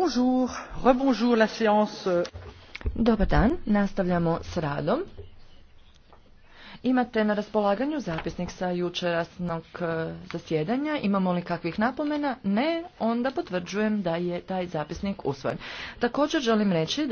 Bonjour, rebonjour euh. Dobar dan, nastavljamo s radom. Imate na raspolaganju zapisnik sa jučerasnog e, zasjedanja. Imamo li kakvih napomena? Ne, onda potvrđujem da je taj zapisnik usvojen. Također želim reći da